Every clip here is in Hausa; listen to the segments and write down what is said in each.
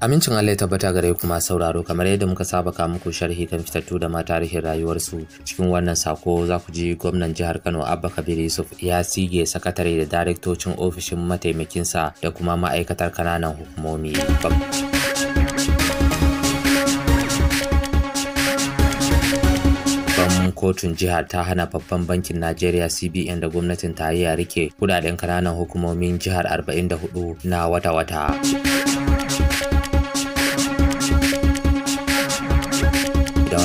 Amincin Allah ya tabbata gare ku sauraro kamar yadda muka saba ka muku sharhi kan fitattu da ma tarihin rayuwarsu cikin wannan sako za ku ji gwamnan jihar Kano Abba Kabir Yusuf ya sige sakatare da daraktocin ofishin mataimakinsa da kuma ma'aikatar kananan hukumomi. kotun jihar ta hana babban bankin Najeriya CBN da gwamnatin tarayya rike kudaden kananan hukumomin jihar 44 na wata-wata.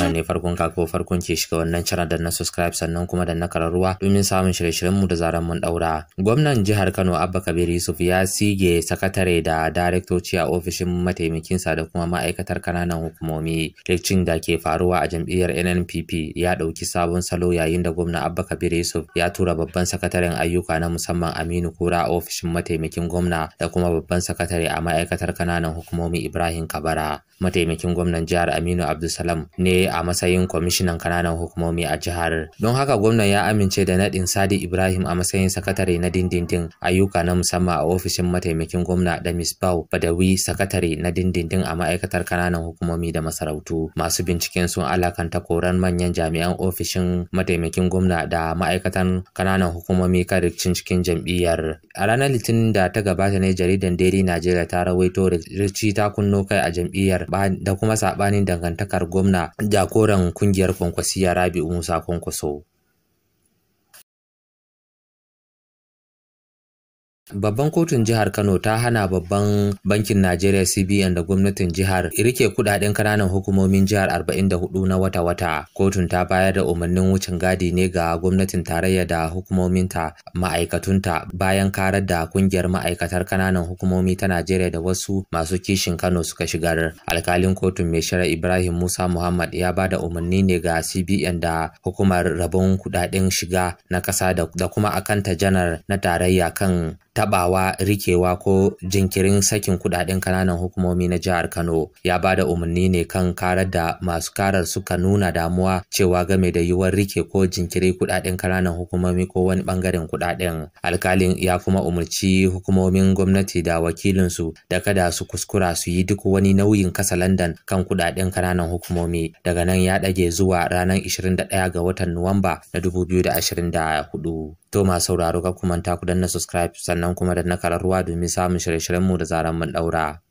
mana ne farkon ka ko farkon ke shiga wannan channel da na subscribe sannan kuma da na kararruwa domin samun shirye-shiryen mu da zaran mun daura gwamnan jihar Kano Abba Kabir Yusuf ya sige sakatare da daraktoci a ofishin mataimakin sa da kuma ma'aikatar kananan hukumomi rikicin da ke faruwa a jam'iyyar NNPP ya dauki sabon salo yayin da gwamna Abba Kabir Yusuf ya tura babban sakataren ayyuka na musamman Aminu Kura a ofishin mataimakin gwamna da kuma babban sakatare a ma'aikatar kananan hukumomi Ibrahim Kabara mataimakin gwamnan jihar Aminu Abdulsalam ne a matsayin kwamishinan kananan hukumomi a jihar. Don haka gwamnan ya amince da naɗin Sadi Ibrahim a matsayin sakatare na dindindin ayyuka na musamman a ofishin mataimakin gwamna da Miss Ba'u Badawi sakatare na dindindin a ma'aikatar kananan hukumomi da masarautu. Masu binciken sun alakanta koran manyan jami'an ofishin mataimakin gwamna da ma'aikatan kananan hukumomi kan cikin jam'iyyar. A ranar Litinin da ta gabata ne jaridan Daily Nigeria ta rawaito rikici ta kunno kai a jam'iyyar da kuma saɓanin dangantakar gwamna jagoran kungiyar kwankwasiya rabi'u musa kwankwaso Babban kotun jihar Kano ta hana babban bankin Najeriya CBN da gwamnatin jihar rike kudaden kananan hukumomin jihar 44 na wata-wata. Kotun ta bayar da umarnin wucin gadi ne ga gwamnatin tarayya da hukumominta ma'aikatunta bayan karar da kungiyar ma'aikatar kananan hukumomi ta Najeriya da wasu masu kishin Kano suka shigar. Alkalin kotun mai shara Ibrahim Musa Muhammad ya ba da umarni ne ga CBN da hukumar rabon kudaden shiga na kasa da kuma akanta janar na tarayya kan tabawa rikewa ko jinkirin sakin kudaden kananan hukumomi na jihar Kano ya ba da umarni ne kan karar da masu karar suka nuna damuwa cewa game da yiwuwar rike ko jinkiri kudaden kananan hukumomi ko wani bangaren kudaden alkalin ya kuma umarci hukumomin gwamnati da wakilinsu da kada su kuskura su yi duk wani nauyin kasa London kan kudaden kananan hukumomi daga nan ya dage zuwa ranar 21 ga watan Nuwamba na 2024 To masu sauraro ka kuma ta ku na subscribe sannan kuma da na ruwa domin samun shirye-shiryenmu da zaran mun ɗaura.